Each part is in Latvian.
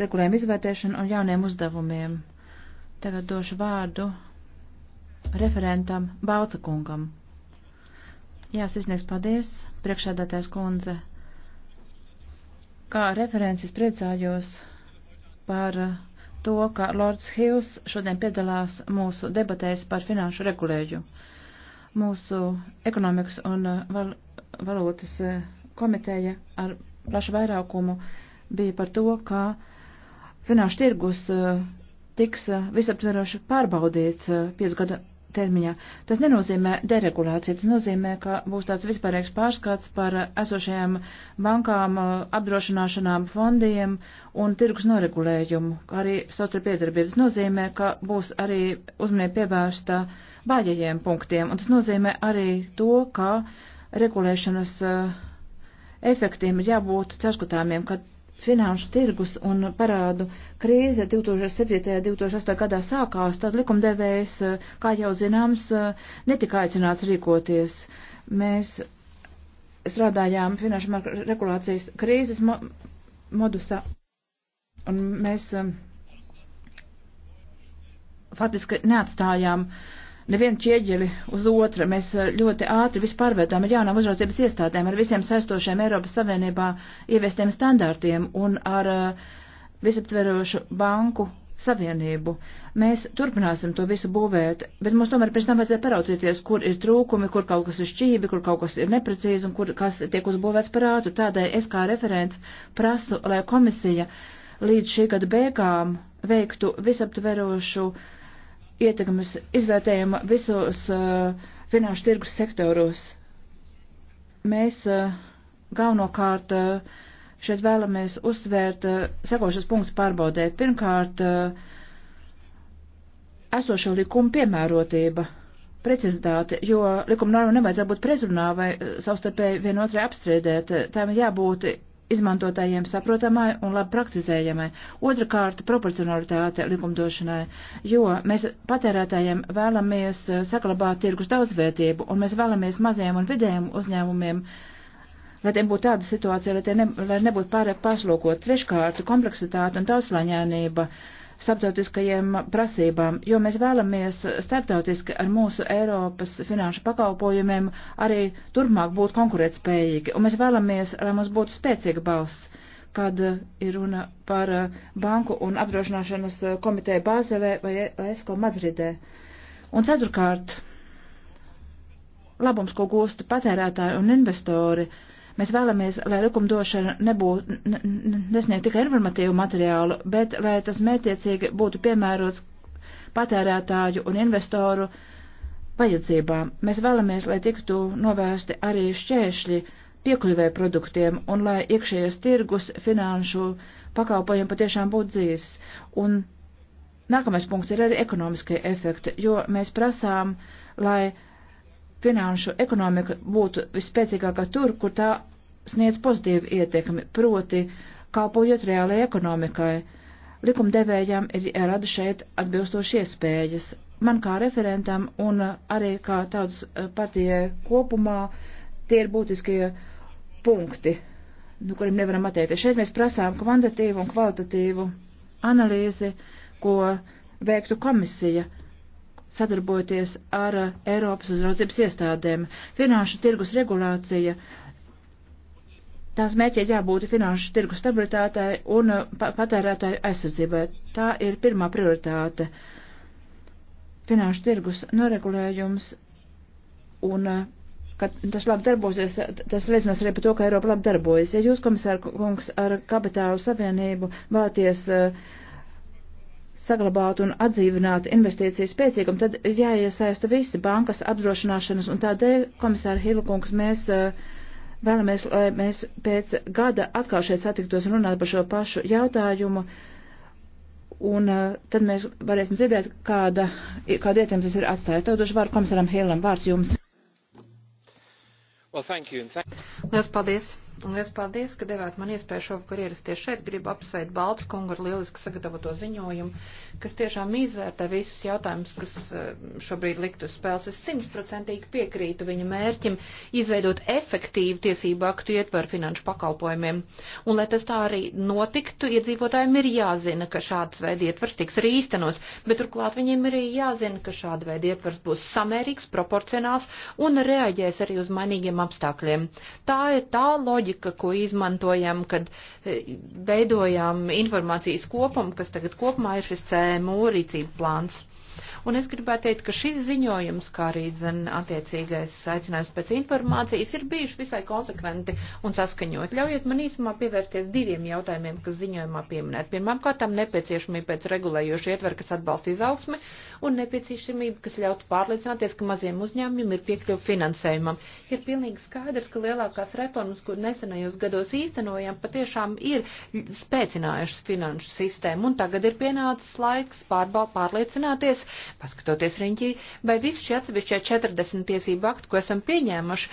regulējumu izvērtēšanu un jauniem uzdevumiem. Tagad došu vārdu referentam Balca kungam. Jā, sisnieks, paldies, priekšādātājs kundze. Kā references priecājos par to, ka Lords Hills šodien piedalās mūsu debatēs par finanšu regulēju. Mūsu ekonomikas un val valūtas komiteja ar plašu vairākumu bija par to, ka finanšu tirgus eh, tiks eh, visaptveroši pārbaudīts eh, piecu gadu termiņā. Tas nenozīmē deregulāciju, tas nozīmē, ka būs tāds vispārīgs pārskats par esošajām bankām, apdrošināšanām, fondiem un tirgus noregulējumu, kā arī savstarp piedarbības nozīmē, ka būs arī uzmanība pievērsta bāģajiem punktiem, un tas nozīmē arī to, ka regulēšanas efektiem ir jābūt caurskatāmiem, ka finanšu tirgus un parādu krīze 2007. un 2008. gadā sākās, tad likumdevējs, kā jau zināms, netika aicināts rīkoties. Mēs strādājām finanšu regulācijas krīzes mo modusā un mēs um, faktiski neatstājām uh, nevienu ķieģeli uz otru. Mēs eh, ļoti ātri vispārvērtām ar jaunām uzraudzības iestādēm, ar visiem saistošiem Eiropas Savienībā ieviestiem standārtiem un ar eh, visaptverošu banku savienību. Mēs turpināsim to visu būvēt, bet mums tomēr pēc tam vajadzēja paraudzīties, kur ir trūkumi, kur kaut kas ir šķīvi, kur kaut kas ir neprecīzi un kur kas tiek uzbūvēts par ātu. Tādēļ es kā referents prasu, lai komisija līdz šī gada beigām veiktu visaptverošu uh, ietekmes izvērtējuma visos uh, finanšu tirgus sektoros. Mēs uh, galvenokārt uh, šeit vēlamies uzsvērt uh, sekošas punktus pārbaudē. Pirmkārt, uh, esošo likumu piemērotība, precizitāte, jo likuma norma nevajadzētu būt pretrunā vai uh, savstarpēji vienotrai apstrīdēt. Tām ir jābūt izmantotājiem saprotamai un labi praktizējamai. Otrakārt, proporcionalitāte likumdošanai, jo mēs patērētājiem vēlamies eh, saglabāt tirgus daudzvērtību un mēs vēlamies maziem un vidējiem uzņēmumiem, lai tiem būtu tāda situācija, lai, ne, lai nebūtu pārāk pašlūkot. Treškārt, kompleksitāte un daudzslaņēnība. Uh, starptautiskajiem prasībām, jo mēs vēlamies starptautiski ar mūsu Eiropas finanšu pakalpojumiem arī turpmāk būt konkurētspējīgi, un mēs vēlamies, lai mums būtu spēcīga balss, kad ir runa par banku un apdrošināšanas komiteju Bāzelē vai ESCO Madridē. Un ceturkārt, labums, ko gūst patērētāji un investori, uh, Mēs vēlamies, lai likumdošana nebūtu, nesniegt tikai informatīvu materiālu, bet lai tas mērķiecīgi būtu piemērots patērētāju un investoru vajadzībām. Mēs vēlamies, lai tiktu novērsti arī šķēršļi piekļuvē produktiem un lai iekšējais tirgus finanšu pakalpojumu patiešām būtu dzīves. Un nākamais punkts ir arī ekonomiskie efekti, jo mēs prasām, lai finanšu ekonomika būtu vispēcīgākā tur, kur tā sniedz pozitīvu ietekmi, proti kalpojot reālajai ekonomikai. Likumdevējām ir jārada šeit atbilstoši iespējas. Man kā referentam un arī kā tautas eh, partijai kopumā tie ir būtiskie punkti, no nu, kuriem nevaram atteikties. Šeit mēs prasām kvantitīvu un kvalitatīvu analīzi, ko veiktu komisija sadarboties ar Eiropas uzraudzības iestādēm. Finanšu tirgus regulācija. Tās mērķi jābūt finanšu tirgu stabilitātei un patērētāju aizsardzībai. Tā ir pirmā prioritāte. Finanšu tirgus noregulējums un ka tas labi darbosies, tas liecinās arī par to, ka Eiropa labi darbojas. Ja jūs, komisāra kungs, ar kapitālu savienību vēlaties uh, saglabāt un atdzīvināt investīciju spēcīgumu, tad ir jāiesaista visi bankas apdrošināšanas, un tādēļ, komisāra Hilakungs, mēs eh, vēlamies, lai mēs pēc gada atkal šeit satiktos un runātu par šo pašu jautājumu, un eh, tad mēs varēsim dzirdēt, kāda, kāda ietekme tas ir atstājis. Tev došu vārdu komisāram Hilam, vārds jums. Well, thank you, thank you. Lielas paldies! Liels paldies, ka devāt man iespēju šovakar ierasties šeit. Gribu apsveikt Baltas kungu ar lieliski sagatavoto ziņojumu, kas tiešām izvērtē visus jautājumus, kas eh, šobrīd likt uz spēles. Es simtprocentīgi piekrītu viņa mērķim izveidot efektīvu tiesību aktu ietvaru finanšu pakalpojumiem. Un, lai tas tā arī notiktu, iedzīvotājiem ir jāzina, ka šāds veida ietvars tiks arī īstenots, bet turklāt viņiem ir jāzina, ka šāda veida ietvars būs samērīgs, proporcionāls un reaģēs arī uz mainīgiem apstākļiem. Tā ir tā loģika loģika, ko izmantojam, kad e, veidojam informācijas kopumu, kas tagad kopumā ir šis CMU rīcība plāns. Un es gribētu teikt, ka šis ziņojums, kā arī zin, attiecīgais aicinājums pēc informācijas, ir bijuši visai konsekventi un saskaņot. Ļaujiet man īsumā pievērties diviem jautājumiem, kas ziņojumā pieminēt. Pirmkārt, nepieciešamība pēc regulējoša ietvera, kas atbalsta izaugsmi, un nepieciešamība, kas ļautu pārliecināties, ka maziem uzņēmumiem ir piekļuva finansējumam. Ir pilnīgi skaidrs, ka lielākās reformas, kur nesenajos gados īstenojām, patiešām ir spēcinājušas finanšu sistēmu, un tagad ir pienācis laiks pārbal pārliecināties, paskatoties riņķī, vai visi šie atsevišķie 40 tiesību akti, ko esam pieņēmuši,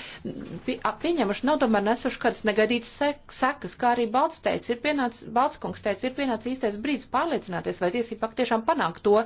pie, pieņēmuši nav tomēr nesuši kādas negaidītas sekas, kā arī Balts teica, ir pienācis, Balts kungs teica, ir pienācis īstais brīdis pārliecināties, vai tiesību akti tiešām panāk to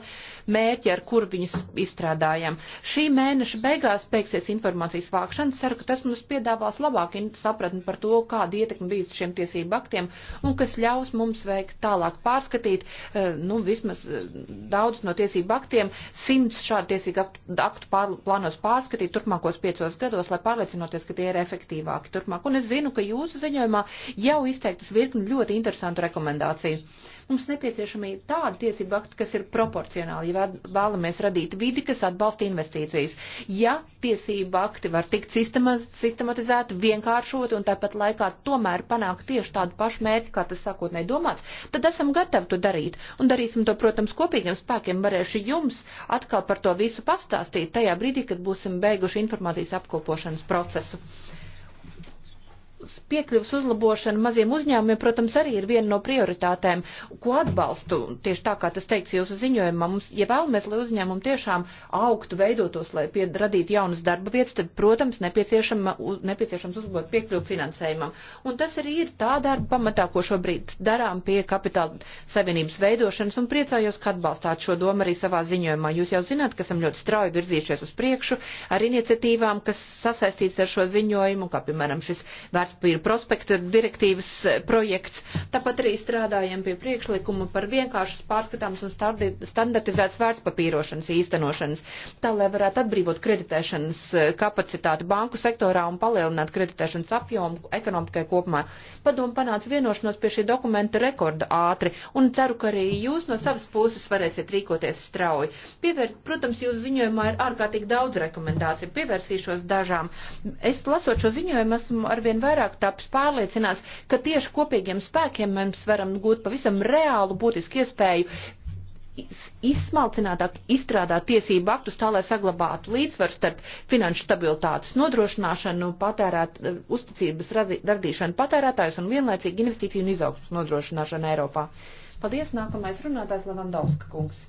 mērķi, ar kur viņus izstrādājam. Šī mēneša beigās beigsies informācijas vākšana, ceru, ka tas mums piedāvās labāk sapratni par to, kāda ietekme bijusi šiem tiesību aktiem un kas ļaus mums veikt tālāk pārskatīt, eh, nu, vismaz eh, daudz no tiesību aktiem, simts šādu tiesību aktu pār, plānos pārskatīt turpmākos piecos gados, lai pārliecinoties, ka tie ir efektīvāki turpmāk. Un es zinu, ka jūsu ziņojumā jau izteiktas virkni ļoti interesantu rekomendāciju. Mums nepieciešami tādi tiesību akti, kas ir proporcionāli, ja vēlamies radīt vidi, kas atbalsta investīcijas. Ja tiesību akti var tikt sistematizēti, vienkāršot un tāpat laikā tomēr panākt tieši tādu pašu mērķi, kā tas sākotnēji domāts, tad esam gatavi to darīt. Un darīsim to, protams, kopīgiem spēkiem. Varēšu jums atkal par to visu pastāstīt tajā brīdī, kad būsim beiguši informācijas apkopošanas procesu piekļuvas uzlabošana maziem uzņēmumiem, protams, arī ir viena no prioritātēm, ko atbalstu. Tieši tā, kā tas teiks jūsu ziņojumā, mums, ja vēlamies, lai uzņēmumi tiešām augtu, veidotos, lai pie, radītu jaunas darba vietas, tad, protams, nepieciešama, uz, nepieciešams uzlabot piekļuvu finansējumam. Un tas arī ir tā darba pamatā, ko šobrīd darām pie kapitāla savienības veidošanas, un priecājos, ka atbalstāt šo domu arī savā ziņojumā. Jūs jau zināt, ka esam ļoti strauji virzījušies uz priekšu ar iniciatīvām, kas sasaistīts ar šo ziņojumu, kā, piemēram, šis vērt vērtspapīra prospekta direktīvas eh, projekts. Tāpat arī strādājam pie priekšlikuma par vienkāršas pārskatāmas un standartizētas vērtspapīrošanas īstenošanas, tā lai varētu atbrīvot kreditēšanas eh, kapacitāti banku sektorā un palielināt kreditēšanas apjomu ekonomikai kopumā. Padomu panāca vienošanos pie šī dokumenta rekorda ātri un ceru, ka arī jūs no savas puses varēsiet rīkoties strauji. Pievērt, protams, jūsu ziņojumā ir ārkārtīgi daudz rekomendāciju. Pievērsīšos dažām. Es lasot šo ziņojumu esmu arvien vairāk vairāk taps pārliecināts, ka tieši kopīgiem spēkiem mēs varam gūt pavisam reālu būtisku iespēju izsmalcinātāk izstrādāt tiesību aktus tā, lai saglabātu līdzsvaru starp finanšu stabilitātes nodrošināšanu, patērēt, eh, uzticības radīšanu patērētājus un vienlaicīgi investīciju un izaugsmas nodrošināšanu Eiropā. Paldies, nākamais runātājs Levandauska kungs.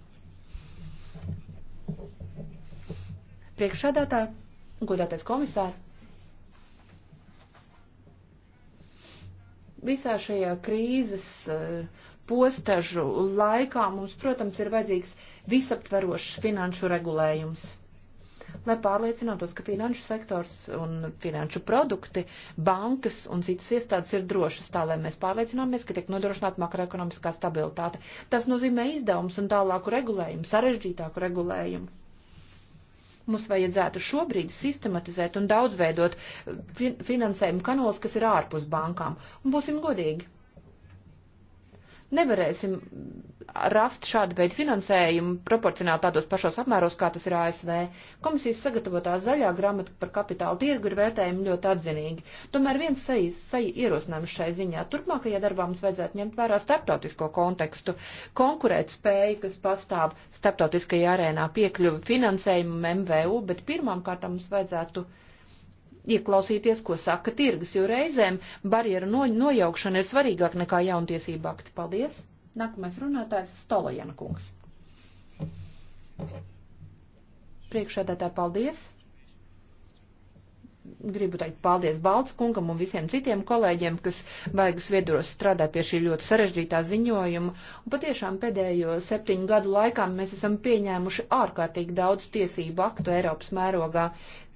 Priekšsēdētāji, godātais komisāri. Visā šajā krīzes eh, postažu laikā mums, protams, ir vajadzīgs visaptverošs finanšu regulējums. Lai pārliecinātos, ka finanšu sektors un finanšu produkti, bankas un citas iestādes ir drošas, tā lai mēs pārliecināmies, ka tiek nodrošināta makroekonomiskā stabilitāte. Tas nozīmē izdevums un tālāku regulējumu, sarežģītāku regulējumu Mums vajadzētu šobrīd sistematizēt un daudzveidot finansējumu kanālus, kas ir ārpus bankām. Un būsim godīgi nevarēsim rast šādu veidu finansējumu proporcionāli tādos pašos apmēros, kā tas ir ASV. Komisijas sagatavotā zaļā grāmata par kapitālu tirgu ir vērtējumi ļoti atzinīgi. Tomēr viens saja ierosinājums šai ziņā. Turpmākajā darbā mums vajadzētu ņemt vērā starptautisko kontekstu, konkurēt spēju, kas pastāv starptautiskajā arēnā piekļuvi finansējumu MVU, bet pirmām kārtām mums vajadzētu ieklausīties, ko saka tirgus, jo reizēm barjeru no, nojaukšana ir svarīgāk nekā jauntiesība akti. Paldies! Nākamais runātājs Stolajana kungs. Priekšādātā paldies! gribu teikt paldies Balts kungam un visiem citiem kolēģiem, kas vaigus viedros strādā pie šī ļoti sarežģītā ziņojuma. Un patiešām pēdējo septiņu gadu laikā mēs esam pieņēmuši ārkārtīgi daudz tiesību aktu Eiropas mērogā,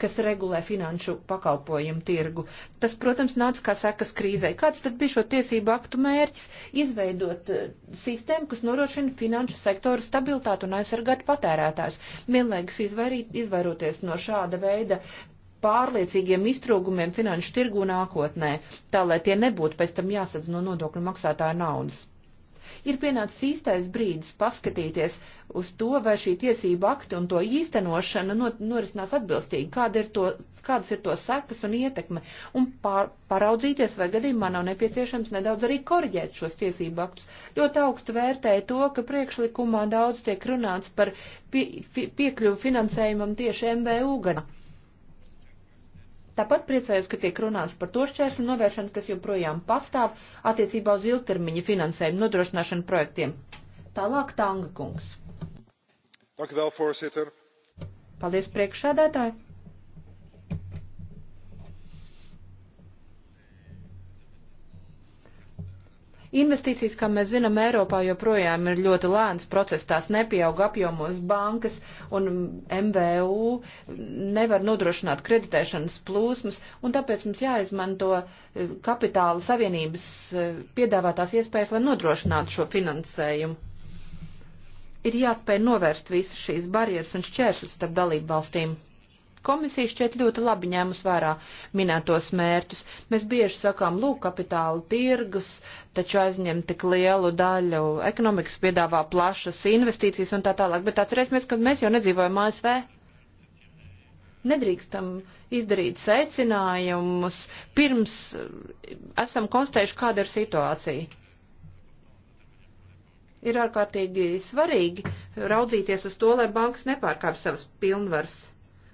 kas regulē finanšu pakalpojumu tirgu. Tas, protams, nāca kā sekas krīzē. Kāds tad bija šo tiesību aktu mērķis? Izveidot eh, sistēmu, kas norošina finanšu sektoru stabilitātu un aizsargāt patērētājus. Vienlaikus izvairīt, izvairoties no šāda veida pārliecīgiem iztrūgumiem finanšu tirgu nākotnē, tā lai tie nebūtu pēc tam jāsadz no nodokļu maksātāja naudas. Ir pienācis īstais brīdis paskatīties uz to, vai šī tiesība akta un to īstenošana norisinās atbilstīgi, kāda ir to, kādas ir to sekas un ietekme, un pār, paraudzīties, vai gadījumā nav nepieciešams nedaudz arī korģēt šos tiesību aktus. Ļoti augstu vērtēja to, ka priekšlikumā daudz tiek runāts par pie, pie, piekļuvu finansējumam tieši MVU gadā Tāpat priecājos, ka tiek runāts par to šķēršļu novēršanu, kas joprojām pastāv attiecībā uz ilgtermiņa finansējumu nodrošināšanu projektiem. Tālāk Tanga kungs. Paldies priekšsēdētāji! Investīcijas, kā mēs zinām, Eiropā joprojām ir ļoti lēns process, tās nepieauga apjomos bankas un MVU nevar nodrošināt kreditēšanas plūsmas, un tāpēc mums jāizmanto eh, kapitāla savienības eh, piedāvātās iespējas, lai nodrošinātu šo finansējumu. Ir jāspēj novērst visas šīs barjeras un šķēršļus starp dalību valstīm. Komisija šķiet ļoti labi ņēmus vērā minētos mērķus. Mēs bieži sakām, lūk, kapitāla tirgus, taču aizņem tik lielu daļu, ekonomikas piedāvā plašas investīcijas un tā tālāk, bet atcerēsimies, ka mēs jau nedzīvojam ASV. Nedrīkstam izdarīt secinājumus pirms eh, esam konstatējuši, kāda ir situācija ir ārkārtīgi svarīgi raudzīties uz to, lai bankas nepārkāp savas pilnvaras.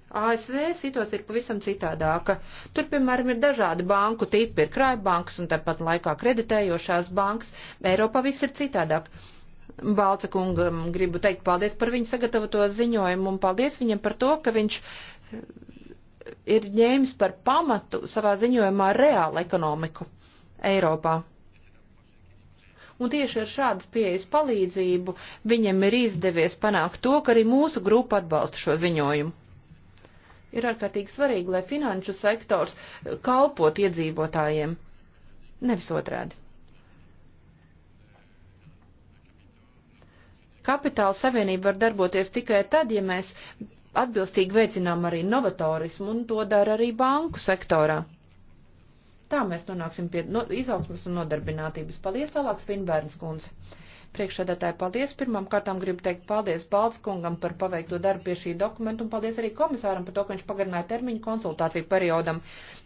ASV situācija ir pavisam citādāka. Tur, piemēram, ir dažādi banku tipi, ir krājbankas un tāpat laikā kreditējošās bankas. Eiropā viss ir citādāk. Balca kungam gribu teikt paldies par viņu sagatavoto ziņojumu un paldies viņam par to, ka viņš eh, ir ņēmis par pamatu savā ziņojumā reālu ekonomiku Eiropā. Un tieši ar šādas pieejas palīdzību viņam ir izdevies panākt to, ka arī mūsu grupa atbalsta šo ziņojumu. Ir ārkārtīgi svarīgi, lai finanšu sektors eh, kalpot iedzīvotājiem, nevis otrādi. Kapitāla savienība var darboties tikai tad, ja mēs atbilstīgi veicinām arī novatorismu, un to dara arī banku sektorā. Tā mēs nonāksim pie no, izaugsmas un nodarbinātības. Paldies tālāk, Svinbērns kundze. Priekšsēdētāji, paldies. Pirmām kārtām gribu teikt paldies Balts kungam par paveikto darbu pie šī dokumenta un paldies arī komisāram par to, ka viņš pagarināja termiņu konsultāciju periodam.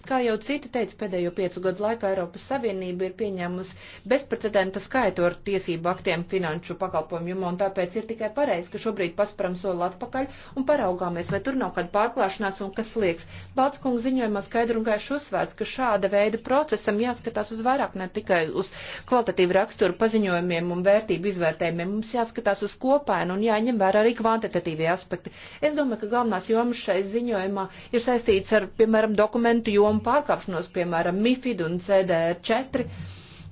Kā jau citi teica, pēdējo piecu gadu laikā Eiropas Savienība ir pieņēmusi bezprecedenta skaitu ar tiesību aktiem finanšu pakalpojumu jumā un tāpēc ir tikai pareizi, ka šobrīd pasparam soli atpakaļ un paraugāmies, vai tur nav kāda pārklāšanās un kas liekas. Balts kungs ziņojumā skaidru un gaišu uzsvērts, ka šāda veida procesam jāskatās uz vairāk ne tikai uz kvalitatīvu raksturu paziņojumiem un vērtību vērtību izvērtējumiem. Mums jāskatās uz kopainu un jāņem vērā arī kvantitatīvie aspekti. Es domāju, ka galvenās jomas šai ziņojumā ir saistīts ar, piemēram, dokumentu jomu pārkāpšanos, piemēram, MIFID un CDR4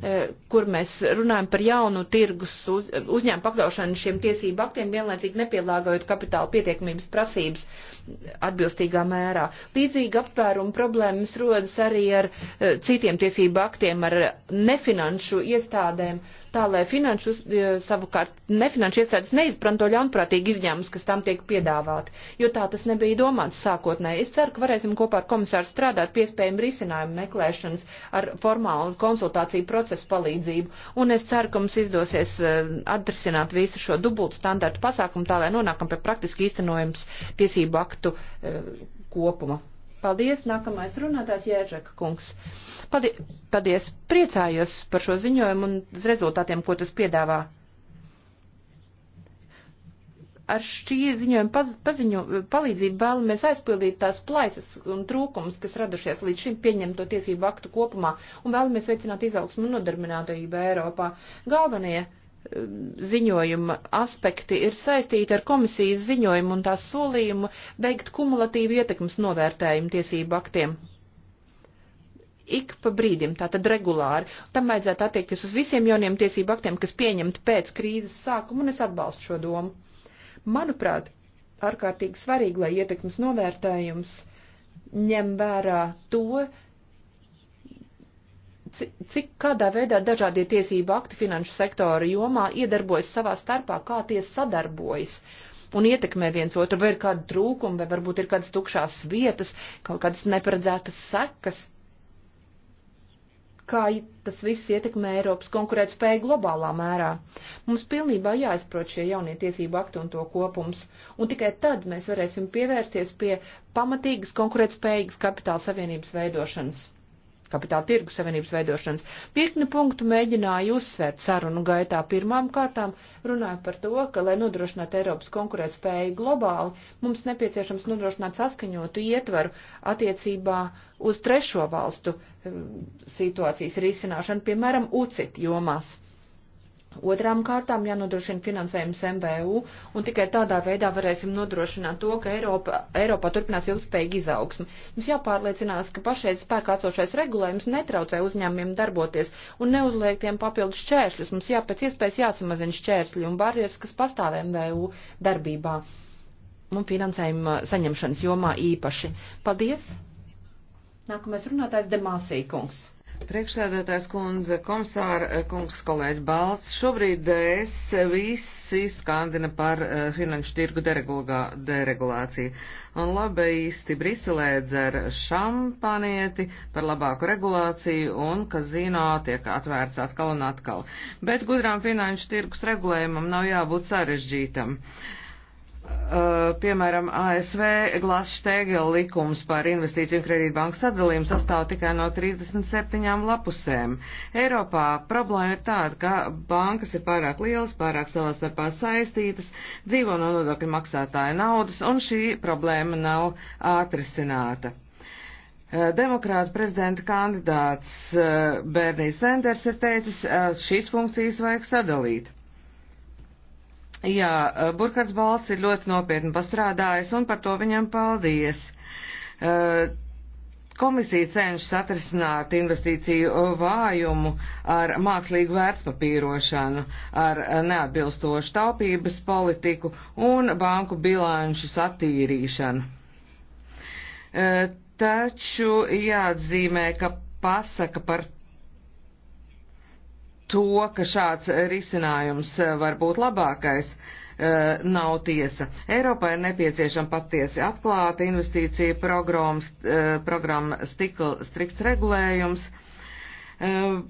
eh, kur mēs runājam par jaunu tirgus uz, uzņēmumu pakļaušanu šiem tiesību aktiem, vienlaicīgi nepielāgojot kapitāla pietiekamības prasības atbilstīgā mērā. Līdzīgi aptvērumu problēmas rodas arī ar eh, citiem tiesību aktiem, ar nefinanšu iestādēm. Uh, tā lai finanšu, e, savukārt nefinanšu iestādes neizpranto ļaunprātīgi izņēmumus, kas tam tiek piedāvāti, jo tā tas nebija domāts sākotnēji. Es ceru, ka varēsim kopā ar komisāru strādāt pie iespējama risinājuma meklēšanas ar formālu konsultāciju procesu palīdzību, un es ceru, ka mums izdosies e, atrisināt visu šo dubultu standartu pasākumu, tā lai nonākam pie praktiski īstenojums tiesību aktu e, kopuma. Paldies, nākamais runātājs Jēžeka kungs. Paldies, paldies, priecājos par šo ziņojumu un rezultātiem, ko tas piedāvā. Ar šī ziņojuma paz, paziņu, palīdzību vēlamies aizpildīt tās plaisas un trūkumus, kas radušies līdz šim pieņemto tiesību aktu kopumā, un vēlamies veicināt izaugsmu un nodarbinātību Eiropā. Galvenie ziņojuma aspekti ir saistīti ar komisijas ziņojumu un tās solījumu veikt kumulatīvu ietekmes novērtējumu tiesību aktiem. Ik pa brīdim, tātad regulāri. Tam vajadzētu attiekties uz visiem jauniem tiesību aktiem, kas pieņemti pēc krīzes sākuma, un es atbalstu šo domu. Manuprāt, ārkārtīgi svarīgi, lai ietekmes novērtējums ņem vērā to, cik kādā veidā dažādie tiesību akti finanšu sektora jomā iedarbojas savā starpā, kā tie sadarbojas un ietekmē viens otru, vai ir kāda trūkuma, vai varbūt ir kādas tukšās vietas, kaut kādas neparedzētas sekas. Kā tas viss ietekmē Eiropas konkurētspēju globālā mērā. Mums pilnībā jāizprot šie jaunie tiesību akti un to kopums, un tikai tad mēs varēsim pievērsties pie pamatīgas konkurētspējīgas kapitāla savienības veidošanas kapitāla tirgu savienības veidošanas. Pirkni punktu mēģināju uzsvērt sarunu gaitā. Pirmām kārtām runāju par to, ka, lai nodrošinātu Eiropas konkurētspēju globāli, mums nepieciešams nodrošināt saskaņotu ietvaru attiecībā uz trešo valstu eh, situācijas risināšanu, piemēram, UCIT jomās. Otrām kārtām jānodrošina finansējums MVU, un tikai tādā veidā varēsim nodrošināt to, ka Eiropa, Eiropā turpinās ilgspējīga izaugsme. Mums jāpārliecinās, ka pašreiz spēkā esošais regulējums netraucē uzņēmumiem darboties un neuzliek tiem papildus šķēršļus. Mums jāpēc iespējas jāsamazina šķēršļi un barjeras, kas pastāv MVU darbībā un finansējuma saņemšanas jomā īpaši. Paldies! Nākamais runātājs Demāsī kungs. Priekšsēdētājs kundze, komisāra eh, kungs, kolēģi Balts, šobrīd es visi skandina par uh, finanšu tirgu deregulā, deregulāciju. Un labi īsti Briselē dzer šampanieti par labāku regulāciju un kazino tiek atvērts atkal un atkal. Bet gudrām finanšu tirgus regulējumam nav jābūt sarežģītam. Uh, Uh, piemēram, ASV Glass-Steigela likums par investīciju un kredītbanku sadalījumu sastāv tikai no 37 lapusēm. Eiropā problēma ir tāda, ka bankas ir pārāk lielas, pārāk savā starpā saistītas, dzīvo no nodokļu maksātāja naudas, un šī problēma nav atrisināta. Uh, demokrāta prezidenta kandidāts uh, Bernijs Sanders ir teicis, šīs funkcijas vajag sadalīt. Jā, eh, Burkards Balts ir ļoti nopietni pastrādājis un par to viņam paldies. Eh, komisija cenšas atrisināt investīciju vājumu ar mākslīgu vērtspapīrošanu, ar neatbilstošu taupības politiku un banku bilanšu satīrīšanu. Eh, taču jāatzīmē, ka pasaka par to, ka šāds risinājums eh, var būt labākais eh, nav tiesa. Eiropā ir nepieciešama patiesi atklāta investīcija programma, eh, program strikts regulējums.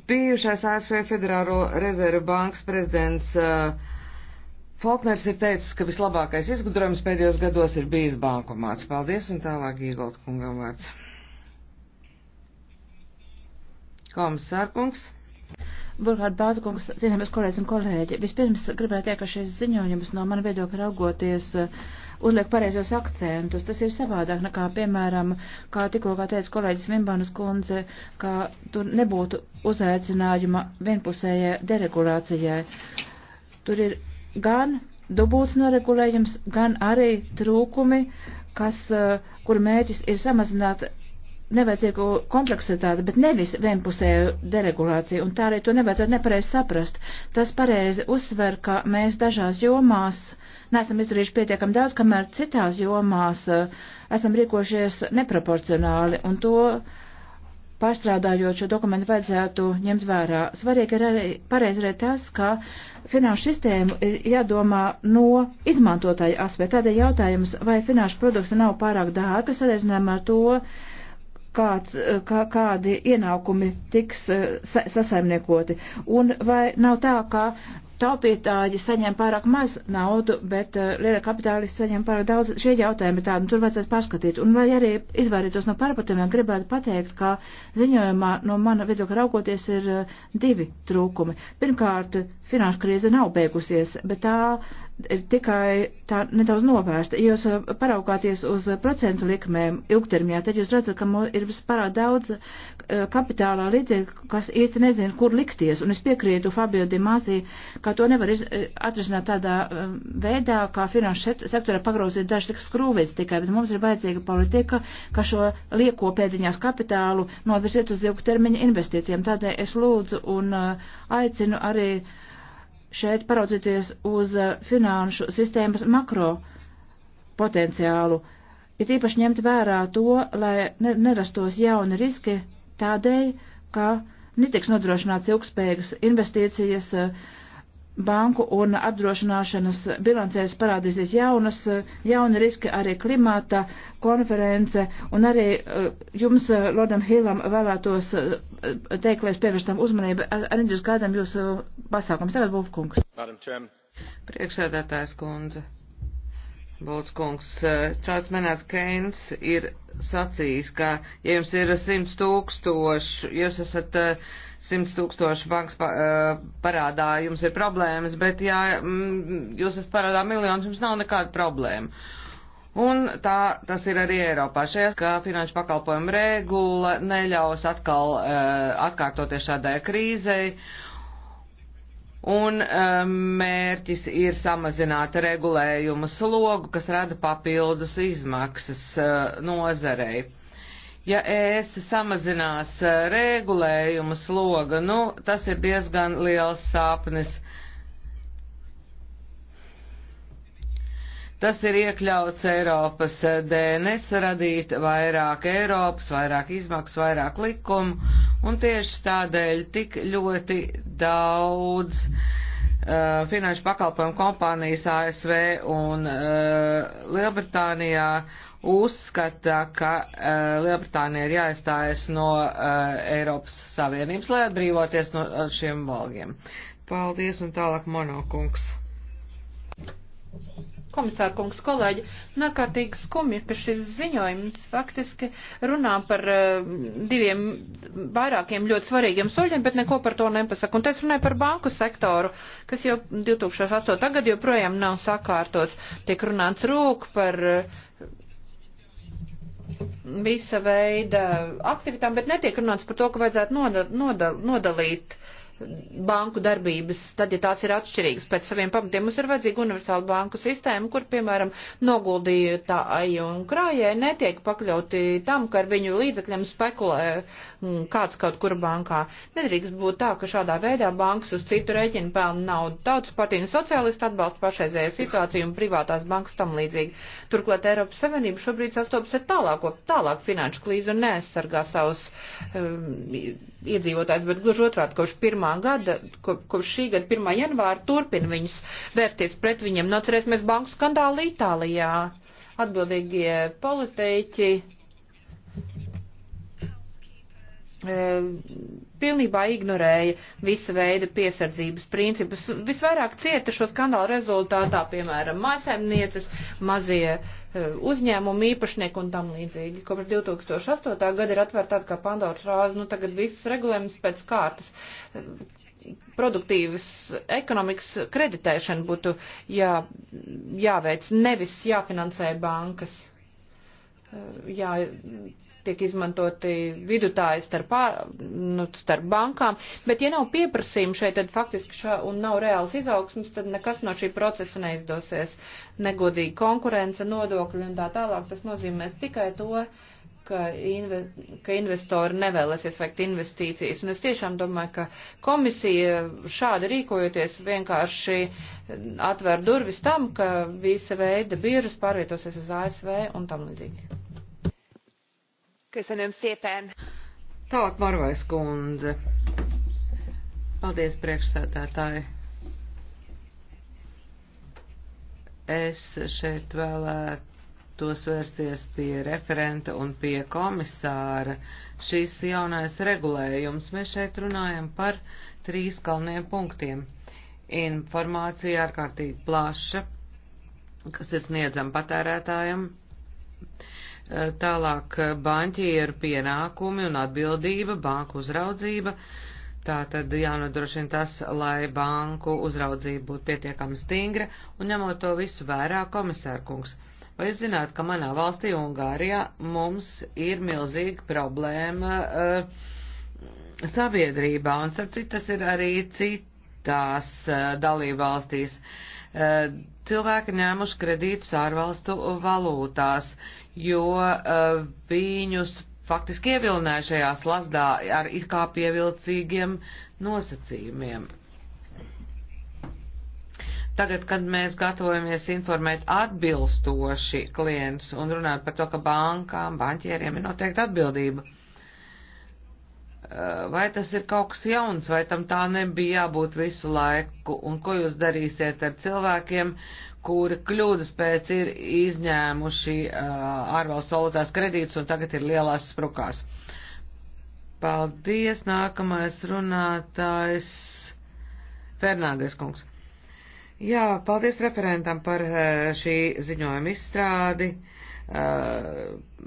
Bijušais ASV Federālo rezervu bankas prezidents Faulkners ir teicis, ka vislabākais izgudrojums pēdējos gados ir bijis bankomāts. Paldies un tālāk Īgolt kungam vārds. Komisārkungs. Burkhārd Bāzkungs, cienījamies kolēģis un kolēģi, vispirms gribētu teikt, ka šis ziņojums no mana viedokļa raugoties uh, uzliek pareizos akcentus. Tas ir savādāk nekā, piemēram, kā tikko kā teica kolēģis Vimbanas kundze, ka tur nebūtu uzaicinājuma vienpusējai deregulācijai. Tur ir gan dubūts noregulējums, gan arī trūkumi, kas, uh, kur mēģis ir samazināt nevajadzīgu kompleksitāti, bet nevis vienpusēju deregulāciju, un tā arī to nevajadzētu nepareizi saprast. Tas pareizi uzsver, ka mēs dažās jomās neesam izdarījuši pietiekam daudz, kamēr citās jomās eh, esam rīkošies neproporcionāli, un to pārstrādājot šo dokumentu vajadzētu ņemt vērā. Svarīgi ir arī pareizi arī tas, ka finanšu sistēmu ir jādomā no izmantotāja aspekta. Tādēļ jautājums, vai finanšu produkti nav pārāk dārgi, salīdzinājumā ar to, uh, kāds, eh, kā, kādi ienākumi tiks eh, sa, sasaimniekoti. Un vai nav tā, ka taupītāji saņem pārāk maz naudu, bet uh, lielie kapitālisti saņem pārāk daudz. Šie jautājumi tādi, nu, tur vajadzētu paskatīt. Un vai arī izvairītos no pārpratumiem, gribētu pateikt, ka ziņojumā no mana viedokļa raugoties ir uh, divi trūkumi. Pirmkārt, finanšu krīze nav beigusies, bet tā ir tikai tā nedaudz novērsta. Ja jūs uh, paraugāties uz uh, procentu likmēm ilgtermiņā, tad jūs redzat, ka mums ir vispārāk daudz uh, kapitālā līdzekļu, kas īsti nezina, kur likties. Un es piekrītu Fabio Dimazī, ka to nevar atrisināt tādā um, veidā, kā finanšu sektora pagrozīt dažs tik skrūvīts tikai, bet mums ir vajadzīga politika, ka šo lieko pēdiņās kapitālu novirziet uz ilgtermiņa investīcijiem. Tādēļ es lūdzu un aicinu arī. Uh, šeit paraudzīties uz eh, finanšu sistēmas makro potenciālu, ir ja īpaši ņemt vērā to, lai nerastos jauni riski tādēļ, ka netiks nodrošināts ilgspējīgas investīcijas uh, banku un apdrošināšanas bilancēs parādīsies jaunas, jauni riski arī klimata konference, un arī eh, jums, eh, Lordam Hillam, vēlētos eh, teikt, lai es pievērstam uzmanību enerģijas kādam jūsu pasākums. Tagad Vulfkungs. Priekšsēdētājs kundze. Bulckungs, Čārls Menēs Keins ir sacījis, ka, ja jums ir 100 tūkstoši, jūs esat uh, 100 tūkstoši bankas eh, parādā jums ir problēmas, bet ja mm, jūs esat parādā miljonus, jums nav nekāda problēma. Un tā tas ir arī Eiropā. Šajās, ka finanšu pakalpojumu regula neļaus atkal uh, atkārtoties šādai krīzei. Un um, mērķis ir samazināt regulējumu slogu, kas rada papildus izmaksas uh, nozarei. Ja ES samazinās eh, regulējumu sloga, nu, tas ir diezgan liels sāpnis. Tas ir iekļauts Eiropas eh, DNS, radīt vairāk Eiropas, vairāk izmaksu, vairāk likumu, un tieši tādēļ tik ļoti daudz uh, finanšu pakalpojumu kompānijas ASV un uh, Lielbritānijā uzskata, ka uh, Lielbritānija ir jāizstājas no uh, Eiropas Savienības, lai atbrīvoties no eh, šiem valgiem. Paldies un tālāk monokungs. Komisāra kungs, kolēģi, nārkārtīgi skumji, ka šis ziņojums faktiski runā par uh, diviem vairākiem ļoti svarīgiem soļiem, bet neko par to nepasaka. Un te es runāju par banku sektoru, kas jau 2008. gadu joprojām nav sakārtots. Tiek runāts rūk par uh, visa veida aktivitām, bet netiek runāts par to, ka vajadzētu nodal, nodal, nodalīt banku darbības, tad, ja tās ir atšķirīgas pēc saviem pamatiem, mums ir vajadzīga universāla banku sistēma, kur, piemēram, noguldītāji un krājēji netiek pakļauti tam, ka ar viņu līdzekļiem spekulē Mm, kāds kaut kur bankā. Nedrīkst būt tā, ka šādā veidā bankas uz citu rēķinu pelna naudu. Tautas partija un sociālisti atbalsta pašreizēju situāciju un privātās bankas tam līdzīgi. Turklāt Eiropas Savienība šobrīd sastopas ar tālāko, tālāk finanšu krīzi un neaizsargā savus um, iedzīvotājus, bet gluži otrādi, kopš pirmā gada, kopš šī gada 1. janvāra turpina viņus vērties pret viņiem. Nocerēsimies nu, banku skandālu Itālijā. Atbildīgie politiķi E, pilnībā ignorēja visa veida piesardzības principus. Visvairāk cieta šo skandālu rezultātā, piemēram, mājasemnieces, mazie e, uzņēmumi, īpašnieki un tam līdzīgi. Kopš 2008. gada ir atvērta tāda kā Pandoras rāze, nu tagad viss regulējums pēc kārtas e, produktīvas ekonomikas kreditēšana būtu jā, jāveic, nevis jāfinansē bankas. Jā, tiek izmantoti vidutāji starp, nu, starp bankām, bet ja nav pieprasījuma šeit, tad faktiski šā, un nav reāls izaugsmas, tad nekas no šī procesa neizdosies. Negodīga konkurence, nodokļi un tā tālāk, tas nozīmēs tikai to, ka, inve, ka investori nevēlēsies veikt investīcijas. Un es tiešām domāju, ka komisija šādi rīkojoties vienkārši atver durvis tam, ka visa veida biežas pārvietosies uz ASV un tam līdzīgi. Köszönöm szépen! Tālāk Marvais kundze. Paldies, priekšsēdētāji. Es šeit vēlētos vērsties pie referenta un pie komisāra. Šīs jaunais regulējums, mēs šeit runājam par trīs galveniem punktiem. Informācija ārkārtīgi plaša, kas ir sniedzama patērētājiem Eh, tālāk eh, banķieru pienākumi un atbildība, banku uzraudzība. Tā tad jānodrošina tas, lai banku uzraudzība būtu pietiekami stingra un ņemot to visu vērā komisārkungs. Vai jūs zināt, ka manā valstī Ungārijā mums ir milzīga problēma uh, sabiedrībā un starp citu tas ir arī citās uh, dalībvalstīs. Uh, cilvēki ņēmuši kredītus ārvalstu valūtās. Uh, jo uh, viņus faktiski ievilināja šajā slazdā ar it kā pievilcīgiem nosacījumiem. Tagad, kad mēs gatavojamies informēt atbilstoši klientus un runājam par to, ka bankām, banķieriem ir noteikti atbildība Eh, vai tas ir kaut kas jauns, vai tam tā nebija jābūt visu laiku, un ko jūs darīsiet ar cilvēkiem, kuri kļūdas pēc ir izņēmuši eh, ārvalsts valūtās kredītus un tagad ir lielās sprukās. Paldies, nākamais runātājs Fernandes kungs. Jā, paldies referentam par eh, šī ziņojuma izstrādi. Uh, Eh,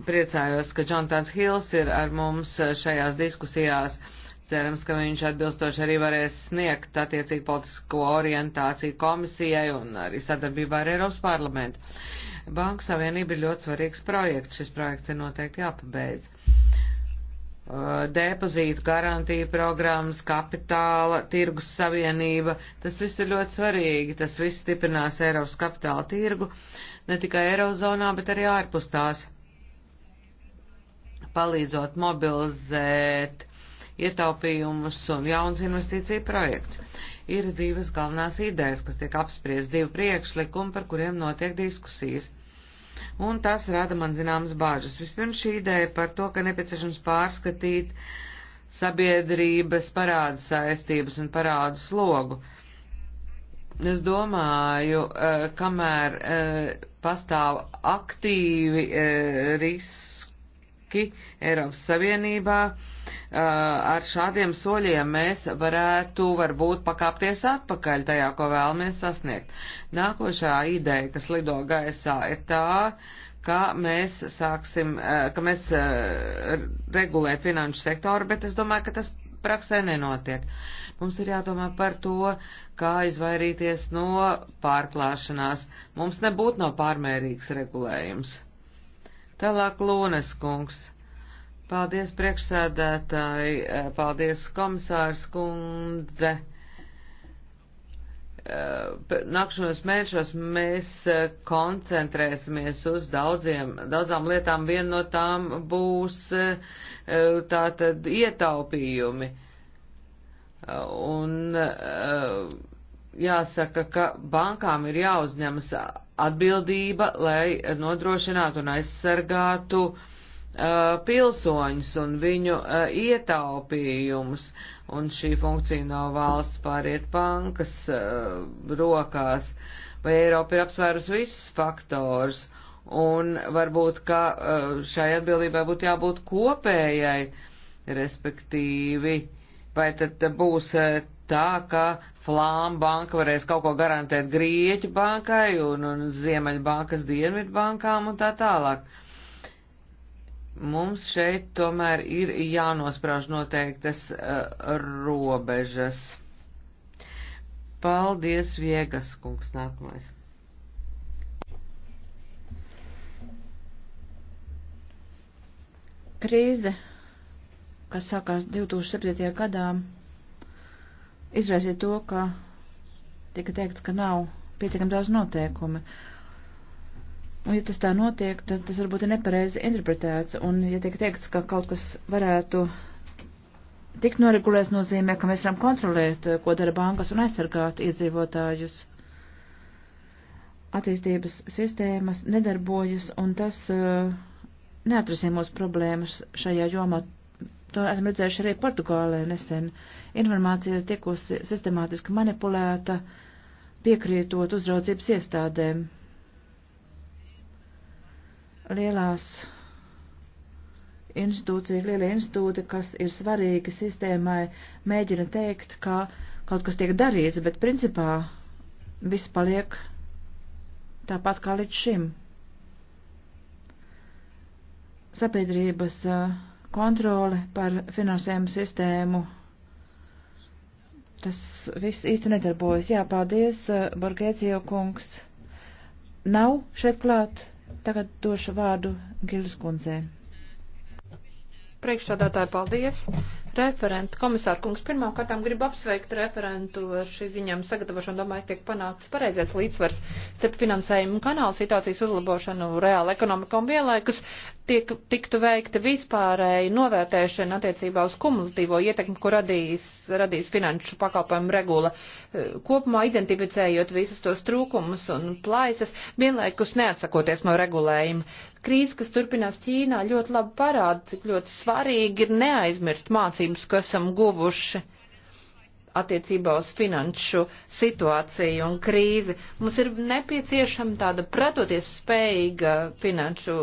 priecājos, ka Jonatans Hils ir ar mums šajās diskusijās. Cerams, ka viņš atbilstoši arī varēs sniegt attiecīgu politisko orientāciju komisijai un arī sadarbībā ar Eiropas parlamentu. Banku savienība ir ļoti svarīgs projekts. Šis projekts ir noteikti jāpabeidz. Eh, depozītu garantija programmas, kapitāla, tirgus savienība, tas viss ir ļoti svarīgi, tas viss stiprinās Eiropas kapitāla tirgu. Uh, ne tikai Eirozonā, bet arī ārpus tās, palīdzot mobilizēt ietaupījumus un jauns investīciju projekts. Ir divas galvenās idejas, kas tiek apspriest, divi priekšlikumi, par kuriem notiek diskusijas. Un tas rada man zināmas bāžas. Vispirms šī ideja par to, ka nepieciešams pārskatīt sabiedrības parādu saistības un parādu slogu. Es domāju, eh, kamēr eh, pastāv aktīvi e, riski Eiropas Savienībā. E, ar šādiem soļiem mēs varētu varbūt pakāpties atpakaļ tajā, ko vēlamies sasniegt. Nākošā ideja, kas lido gaisā, ir tā, ka mēs sāksim, e, ka mēs e, regulēt finanšu sektoru, bet es domāju, ka tas praksē nenotiek. Mums ir jādomā par to, kā izvairīties no pārklāšanās. Mums nebūtu nav no pārmērīgs regulējums. Tālāk Lūnes kungs. Paldies priekšsēdētāji, paldies komisārs kundze nākamajos mēnešos mēs eh, koncentrēsimies uz daudziem, daudzām lietām. Viena no tām būs eh, tātad ietaupījumi. Un eh, jāsaka, ka bankām ir jāuzņemas atbildība, lai nodrošinātu un aizsargātu uh, Uh, pilsoņus un viņu uh, ietaupījumus, un šī funkcija no valsts pāriet bankas uh, rokās, vai Eiropa ir apsvērus visus faktors, un varbūt, ka šai atbildībai būtu jābūt kopējai, respektīvi, vai tad būs tā, ka Flāma banka varēs kaut ko garantēt Grieķu bankai un, un Ziemeļbankas Dienvidu bankām un tā tālāk. Uh, mums šeit tomēr ir jānosprauž noteiktas uh, robežas. Paldies, Viegas kungs, nākamais. Krīze, kas sākās 2007. gadā, izraisīja to, ka tika teikts, ka nav pietiekami daudz noteikumu. Uh, Un, ja tas tā notiek, tad tas varbūt ir nepareizi interpretēts. Un, ja tiek teikts, ka kaut kas varētu tikt noregulēts, nozīmē, ka mēs varam kontrolēt, ko dara bankas un aizsargāt iedzīvotājus. Attīstības sistēmas nedarbojas, un tas uh, neatrasimos problēmas šajā jomā. To esam redzējuši arī Portugālē nesen. Informācija tikusi sistemātiski manipulēta, piekrītot uzraudzības iestādēm lielās institūcijas, lielie institūti, kas ir svarīgi sistēmai, mēģina teikt, ka kaut kas tiek darīts, bet principā viss paliek tāpat kā līdz šim. Sabiedrības kontrole par finansējumu sistēmu. Tas viss īsti nedarbojas. Jā, paldies, Borgēcijo kungs. Nav šeit klāt Tagad došu vārdu Gilis kundzei. Priekšsādātāji, paldies! referentu. Komisāra kungs, pirmkārtām gribu apsveikt referentu ar šī ziņām sagatavošanu. Domāju, tiek panākts pareizais līdzsvars starp finansējumu kanālu situācijas uzlabošanu reāli ekonomikā un vienlaikus tiek, tiktu veikta vispārēja novērtēšana attiecībā uz kumulatīvo ietekmi, ko radīs, radīs finanšu pakalpojumu regula, kopumā identificējot visus tos trūkumus un plaisas, vienlaikus neatsakoties no regulējuma. Krīze, kas turpinās Ķīnā, ļoti labi parāda, cik ļoti svarīgi ir neaizmirst mācības, ko esam guvuši attiecībā uz finanšu situāciju un krīzi. Mums ir nepieciešama tāda pretoties spējīga finanšu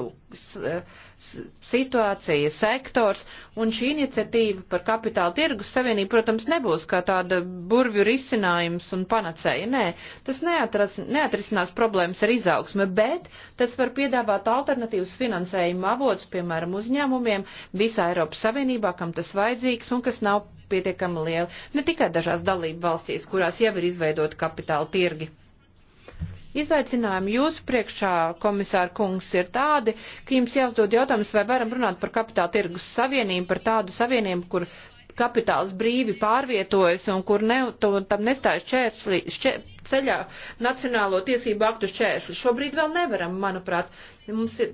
situācija, sektors, un šī iniciatīva par kapitāla tirgus savienību, protams, nebūs kā tāda burvju risinājums un panacēja. Nē, tas neatras, neatrisinās problēmas ar izaugsme, bet tas var piedāvāt alternatīvas finansējuma avots, piemēram, uzņēmumiem visā Eiropas Savienībā, kam tas vajadzīgs un kas nav pietiekami lieli, ne tikai dažās dalību valstīs, kurās jau ir izveidoti kapitāla tirgi. Izaicinājumi jūsu priekšā, komisāra kungs, ir tādi, ka jums jāuzdod jautājums, vai varam runāt par kapitāla tirgus savienību, par tādu savienību, kur kapitāls brīvi pārvietojas un kur ne, to, tam nestājas čēršļi, šķē, ceļā nacionālo tiesību aktu šķēršļi. Šobrīd vēl nevaram, manuprāt. Mums ir,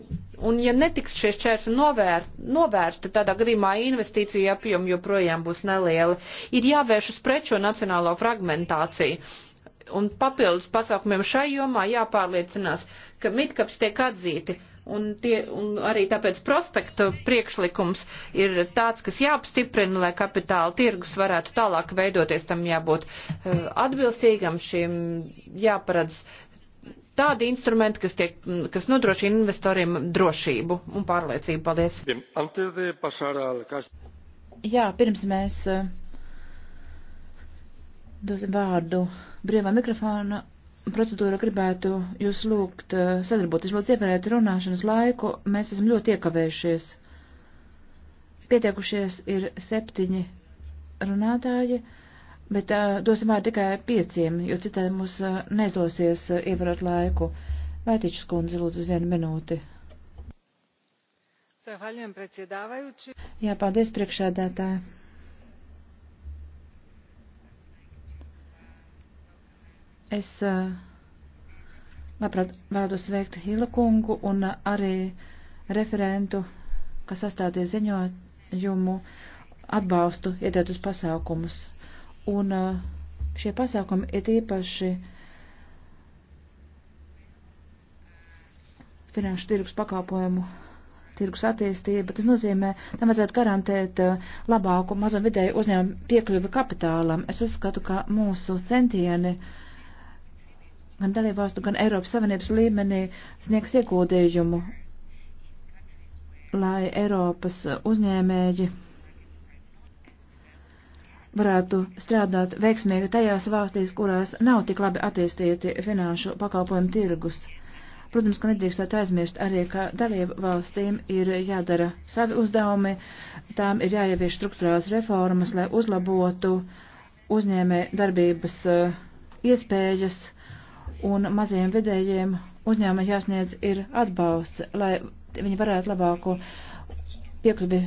un ja netiks šie šķēršļi novērt, novērsti, tādā gadījumā investīcija apjoma joprojām būs neliela. Ir jāvēršas pret šo nacionālo fragmentāciju un papildus pasākumiem šai jomā jāpārliecinās, ka mitkaps tiek atzīti. Un, tie, un arī tāpēc prospekta priekšlikums ir tāds, kas jāapstiprina, lai kapitāla tirgus varētu tālāk veidoties, tam jābūt uh, atbilstīgam, šiem jāparedz tādi instrumenti, kas, tiek, kas nodrošina investoriem drošību un pārliecību. Paldies! Jā, pirms mēs uh, dosim vārdu brīvā mikrofona procedūra gribētu jūs lūgt eh, sadarboties. Lūdzu, ievērēt runāšanas laiku. Mēs esam ļoti iekavējušies. Pieteikušies ir septiņi runātāji, bet uh, dosim vārdu tikai pieciem, jo citādi mums uh, neizdosies uh, ievērot laiku. Vērtīčs kundze, lūdzu, uz vienu minūti. Jā, paldies priekšēdētāji. Es eh, labprāt vēlos sveikt Hila kungu un eh, arī referentu, kas sastādīja ziņojumu atbalstu iedētus pasākumus. Un eh, šie pasākumi ir īpaši finanšu tirgus pakāpojumu tirgus attīstība, tas nozīmē, tam vajadzētu garantēt labāku mazo vidēju uzņēmumu piekļuvi kapitālam. Es uzskatu, ka mūsu centieni uh, gan dalībvalstu, gan Eiropas Savienības līmenī sniegs ieguldījumu, lai Eiropas uzņēmēji varētu strādāt veiksmīgi tajās valstīs, kurās nav tik labi attīstīti finanšu pakalpojumu tirgus. Protams, ka nedrīkstāt aizmirst arī, ka dalību valstīm ir jādara savi uzdevumi, tām ir jāievieš struktūrās reformas, lai uzlabotu uzņēmē darbības eh, iespējas un maziem vidējiem uzņēmumiem jāsniedz ir atbalsts, lai viņi varētu labāko piekļuvi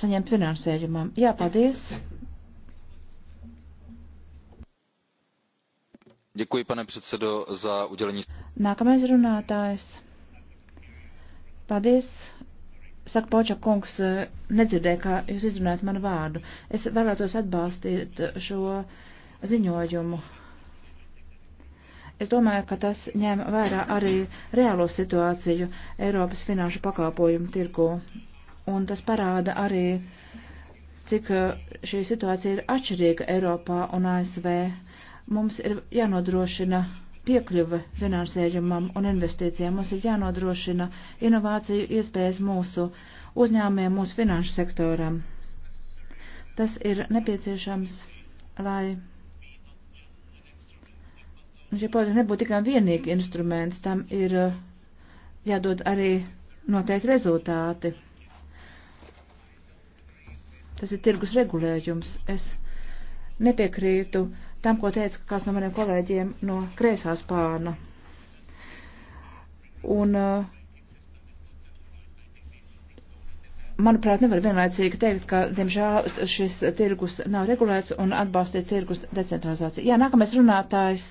saņemt finansējumam. Jā, paldies! Děkuji, pane předsedo, za udělení. Nākamais runātājs. Paldies. Saka Poča kungs, nedzirdēju, kā jūs izrunājat manu vārdu. Es vēlētos atbalstīt šo ziņojumu Es domāju, ka tas ņem vērā arī reālo situāciju Eiropas finanšu pakāpojumu tirgu. Un tas parāda arī, cik uh, šī situācija ir atšķirīga Eiropā un ASV. Mums ir jānodrošina piekļuve finansējumam un investīcijām. Mums ir jānodrošina inovāciju iespējas mūsu uzņēmējiem, mūsu finanšu sektoram. Tas ir nepieciešams, lai šie padomi nebūtu tikai vienīgi instruments, tam ir eh, jādod arī noteikti rezultāti. Tas ir tirgus regulējums. Es nepiekrītu tam, ko teica kāds no maniem kolēģiem no kreisās pāna. Un, eh, manuprāt, nevar vienlaicīgi teikt, ka, diemžēl, šis tirgus nav regulēts un atbalstīt tirgus decentralizāciju. Jā, nākamais runātājs.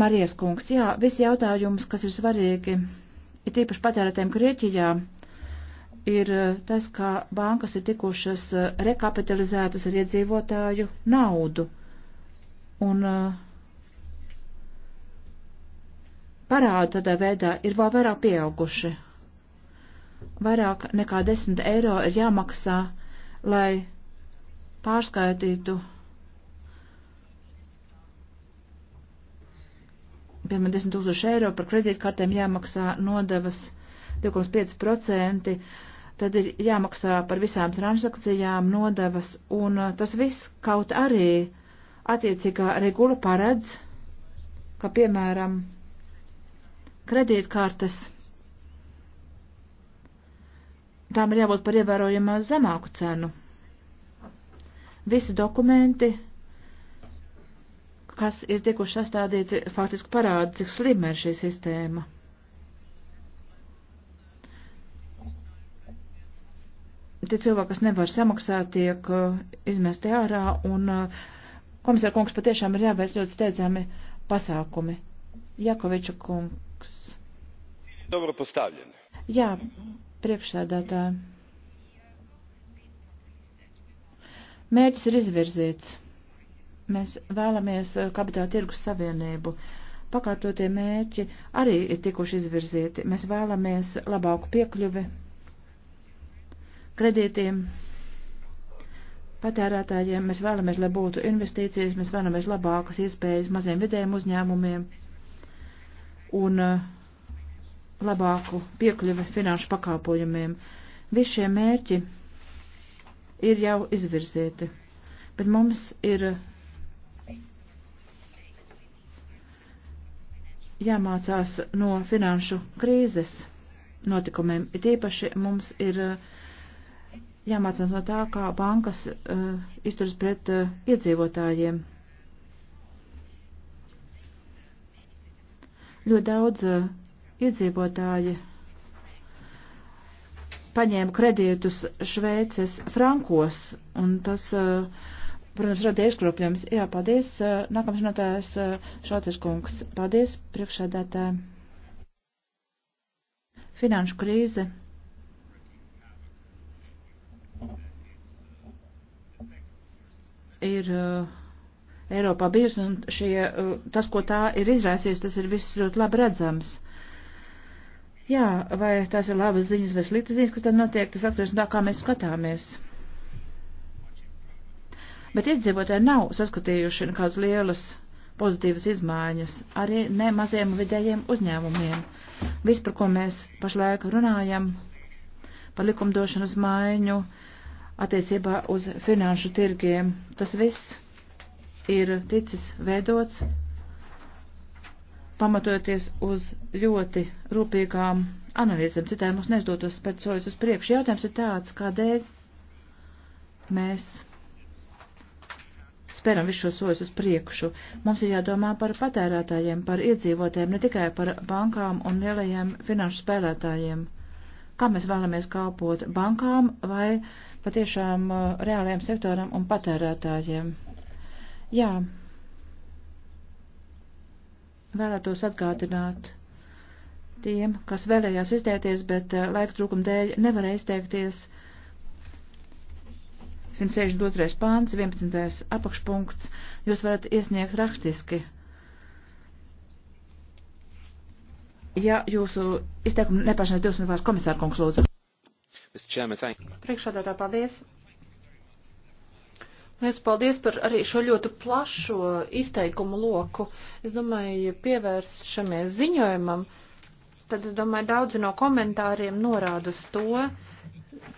Marijas kungs, jā, visi jautājums, kas ir svarīgi, ir tīpaši patērētēm Grieķijā, ir eh, tas, ka bankas ir tikušas eh, rekapitalizētas ar iedzīvotāju naudu. Un eh, parādi tādā veidā ir vēl vairāk pieauguši. Vairāk nekā 10 eiro ir jāmaksā, lai pārskaitītu piemēram, 10 tūkstoši eiro par kredītkartēm jāmaksā nodevas 2,5%, tad ir jāmaksā par visām transakcijām nodevas, un uh, tas viss kaut arī attiecīgā regula paredz, ka, piemēram, kredītkartes tām ir jābūt par ievērojamā zemāku cenu. Visi dokumenti kas ir tikuši sastādīti, faktiski parāda, cik slima ir šī sistēma. Tie cilvēki, kas nevar samaksāt, tiek uh, izmesti ārā, un uh, komisāra kungs patiešām ir jāveic ļoti steidzami pasākumi. Jakoviča kungs. Dobro postavljen. Jā, priekšsēdētāji. Mērķis ir izvirzīts Mēs vēlamies eh, kapitāla tirgus savienību. Pakārtotie mērķi arī ir tikuši izvirzīti. Mēs vēlamies labāku piekļuvi kredītiem patērētājiem. Mēs vēlamies, lai būtu investīcijas, mēs vēlamies labākas iespējas maziem vidējiem uzņēmumiem un eh, labāku piekļuvi finanšu pakāpojumiem. Visi šie mērķi ir jau izvirzīti, bet mums ir jāmācās no finanšu krīzes notikumiem. It īpaši mums ir eh, jāmācās no tā, kā bankas uh, izturas pret uh, iedzīvotājiem. Ļoti daudz uh, iedzīvotāji paņēma kredītus Šveices frankos, un tas uh, protams, rada ieškropļums. Jā, paldies. Nākamais runātājs Šotis kungs. Paldies, priekšsēdētāji. Finanšu krīze. Ir uh, Eiropā bijusi, un šie, uh, tas, ko tā ir izraisījusi, tas ir viss ļoti labi redzams. Jā, vai tās ir labas ziņas vai sliktas ziņas, kas tad notiek, tas atkarīgs no tā, kā mēs skatāmies bet iedzīvotāji nav saskatījuši nekādas lielas pozitīvas izmaiņas, arī ne maziem un vidējiem uzņēmumiem. Viss, par ko mēs pašlaik runājam, par likumdošanas maiņu, attiecībā uz finanšu tirgiem, tas viss ir ticis veidots, pamatojoties uz ļoti rūpīgām analīzēm, citādi mums neizdotos spēt soļus uz priekšu. Jautājums ir tāds, kādēļ mēs speram visu šo soļus uz priekšu. Mums ir jādomā par patērētājiem, par iedzīvotājiem, ne tikai par bankām un lielajiem finanšu spēlētājiem. Kā mēs vēlamies kalpot bankām vai patiešām uh, reālajiem sektoram un patērētājiem? Jā. Vēlētos atgādināt tiem, kas vēlējās izteikties, bet uh, laika trūkuma dēļ nevarēja izteikties 162. pāns, 11. apakšpunkts. Jūs varat iesniegt rakstiski. Ja jūsu izteikumu nepašanās 20. vārds komisāra kungs lūdzu. Priekšādātā paldies. Liels paldies par arī šo ļoti plašo izteikumu loku. Es domāju, ja pievēršamies ziņojumam, tad, es domāju, daudzi no komentāriem norāda uz to,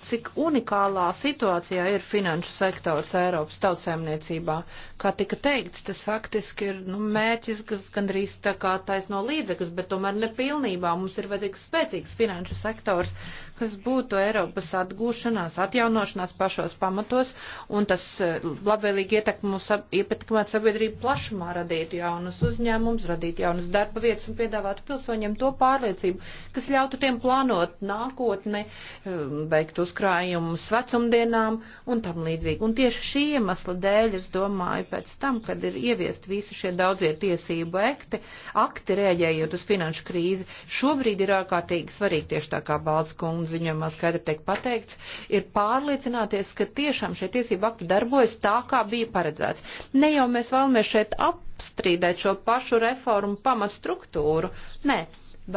cik unikālā situācijā ir finanšu sektors Eiropas tautsēmniecībā. Kā tika teikts, tas faktiski ir nu, mērķis, kas gandrīz tā kā taisno līdzekļus, bet tomēr nepilnībā mums ir vajadzīgs spēcīgs finanšu sektors, kas būtu Eiropas atgūšanās, atjaunošanās pašos pamatos, un tas e, labvēlīgi ietekmēt sabiedrību plašumā, radītu jaunas uzņēmumus, radītu jaunas darba vietas un piedāvātu pilsoņiem to pārliecību, kas ļautu tiem plānot nākotni, e, veikt uzkrājumus vecumdienām un tam līdzīgi. Un tieši šī iemesla dēļ es domāju pēc tam, kad ir ieviest visi šie daudzie tiesību ekti, akti rēģējot uz finanšu krīzi, šobrīd ir ārkārtīgi svarīgi tieši tā kā Balts kungs un ziņojumā skaidri tiek pateikts, ir pārliecināties, ka tiešām šie tiesību akti darbojas tā, kā bija paredzēts. Ne jau mēs vēlamies šeit apstrīdēt šo pašu reformu pamatstruktūru, nē,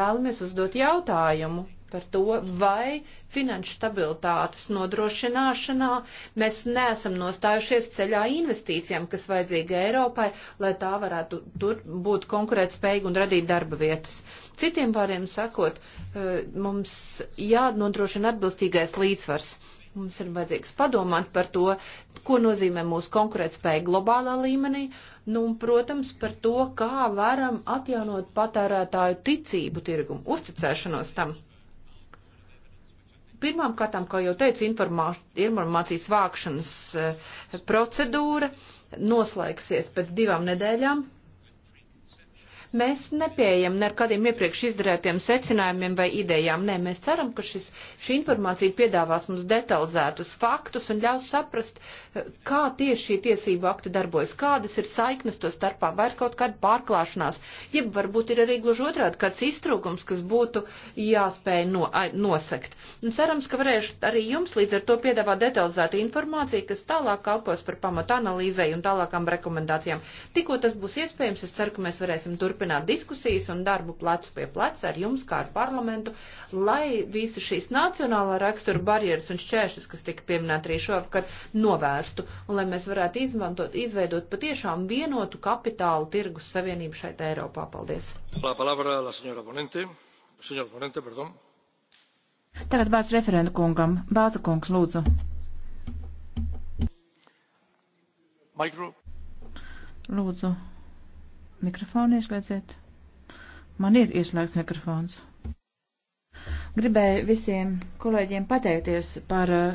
vēlamies uzdot jautājumu, par to, vai finanšu stabilitātes nodrošināšanā mēs neesam nostājušies ceļā investīcijām, kas vajadzīga Eiropai, lai tā varētu tur būt konkurētspējīga un radīt darba vietas. Citiem vārdiem sakot, eh, mums jānodrošina atbilstīgais līdzsvars. Mums ir vajadzīgs padomāt par to, ko nozīmē mūsu konkurētspēja globālā līmenī, nu un, protams, par to, kā varam atjaunot patērētāju ticību tirgumu, uzticēšanos tam. Pirmām kārtām, kā jau teicu, informācijas vākšanas eh, procedūra noslēgsies pēc divām nedēļām. Mēs nepieejam ne ar kādiem iepriekš izdarētiem secinājumiem vai idejām. Nē, mēs ceram, ka šis, šī informācija piedāvās mums detalizētus faktus un ļaus saprast, eh, kā tieši šī tiesība akta darbojas, kādas ir saiknes to starpā, vai ir kaut kāda pārklāšanās, jeb varbūt ir arī gluži otrādi kāds iztrūkums, kas būtu jāspēj no, nosekt. Un cerams, ka varēšu arī jums līdz ar to piedāvāt detalizētu informāciju, kas tālāk kalpos par pamatu analīzei un tālākām rekomendācijām. Tikko tas būs iespējams, es ceru, ka mēs varēsim turpināt turpināt diskusijas un darbu plecu pie pleca ar jums, kā ar parlamentu, lai visi šīs nacionālā rakstura barjeras un šķēršļus, kas tika pieminēti arī šovakar, novērstu un lai mēs varētu izmantot, izveidot patiešām vienotu kapitālu tirgus savienību šeit Eiropā. Paldies! La palabra, la señora ponente. Señor ponente, perdón. Tagad vārds referenta kungam. Bāca kungs, lūdzu. Mikro. Lūdzu. Mikrofonu ieslēdziet. Man ir ieslēgts mikrofons. Gribēju visiem kolēģiem pateikties par uh,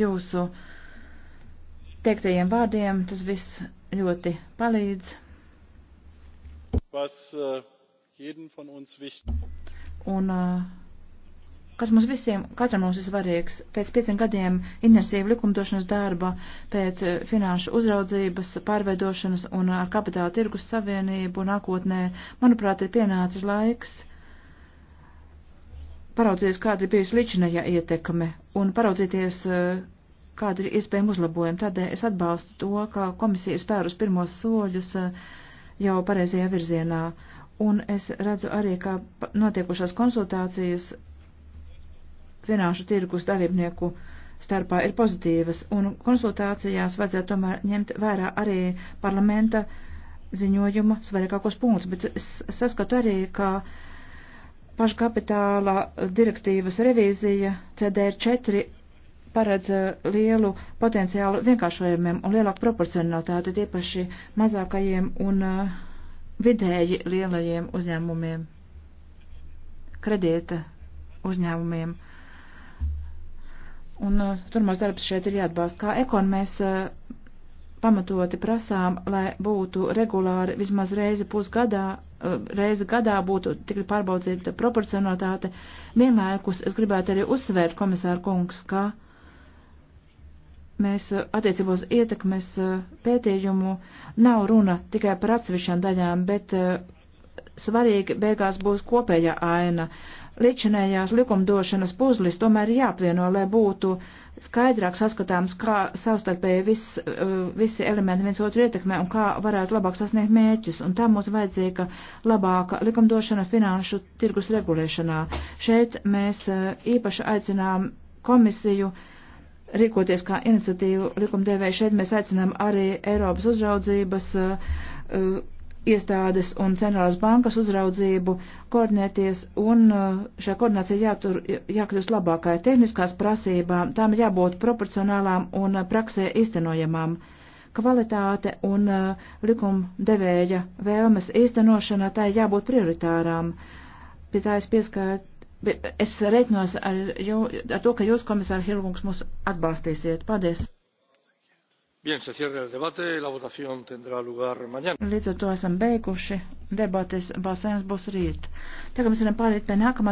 jūsu teiktajiem vārdiem. Tas viss ļoti palīdz. Was, uh, Un uh, kas mums visiem, katram mums ir svarīgs. Pēc pieciem gadiem intensīva likumdošanas darba, pēc eh, finanšu uzraudzības, pārveidošanas un ar eh, kapitāla tirgus savienību nākotnē, manuprāt, ir pienācis laiks paraudzīties, kāda ir bijusi ličinajā ietekme un paraudzīties, eh, kāda ir iespējama uzlabojuma. Tādēļ es atbalstu to, ka komisija ir spērus pirmos soļus jau pareizajā virzienā. Un es redzu arī, ka notiekušās konsultācijas finanšu tirgus dalībnieku starpā ir pozitīvas, un konsultācijās vajadzētu tomēr ņemt vērā arī parlamenta ziņojuma svarīgākos punktus, bet es saskatu arī, ka paškapitāla direktīvas revīzija CDR4 paredz uh, lielu potenciālu vienkāršojumiem un lielāku proporcionalitāti tiepaši mazākajiem un uh, vidēji lielajiem uzņēmumiem, kredīta uzņēmumiem. Un uh, turmās darbs šeit ir jāatbalsta. Kā ekon mēs uh, pamatoti prasām, lai būtu regulāri vismaz reizi pusgadā, uh, reizi gadā būtu tikai pārbaudzīta proporcionalitāte. Vienlaikus es gribētu arī uzsvērt, komisāra kungs, ka mēs uh, attiecībos ietekmes uh, pētījumu nav runa tikai par atsevišķām daļām, bet uh, svarīgi beigās būs kopējā aina. Uh, līdzinējās likumdošanas puzlis tomēr ir jāapvieno, lai būtu skaidrāk saskatāms, kā savstarpēji vis, uh, visi elementi viens otru ietekmē un kā varētu labāk sasniegt mērķus. Un tā mums vajadzīga labāka likumdošana finanšu tirgus regulēšanā. Šeit mēs uh, īpaši aicinām komisiju rīkoties kā iniciatīvu likumdevēju. Šeit mēs aicinām arī Eiropas uzraudzības uh, uh iestādes un centrālās bankas uzraudzību koordinēties, un uh, šai koordinācijai jātur, jākļūst labākai tehniskās prasībām, tām jābūt proporcionālām un uh, praksē iztenojamām. Kvalitāte un uh, likumdevēja vēlmes īstenošana tai jābūt prioritārām. Pie tā es pieskaitu. Es reiķinos ar, ar to, ka jūs, komisāri Hilgungs, mūs atbalstīsiet. Paldies! Bien, se cierra el debate, la votación tendrá lugar mañana. Līdz ar to esam beiguši. Debates balsējums būs rīt. Tagad mēs varam pāriet pie nākamā.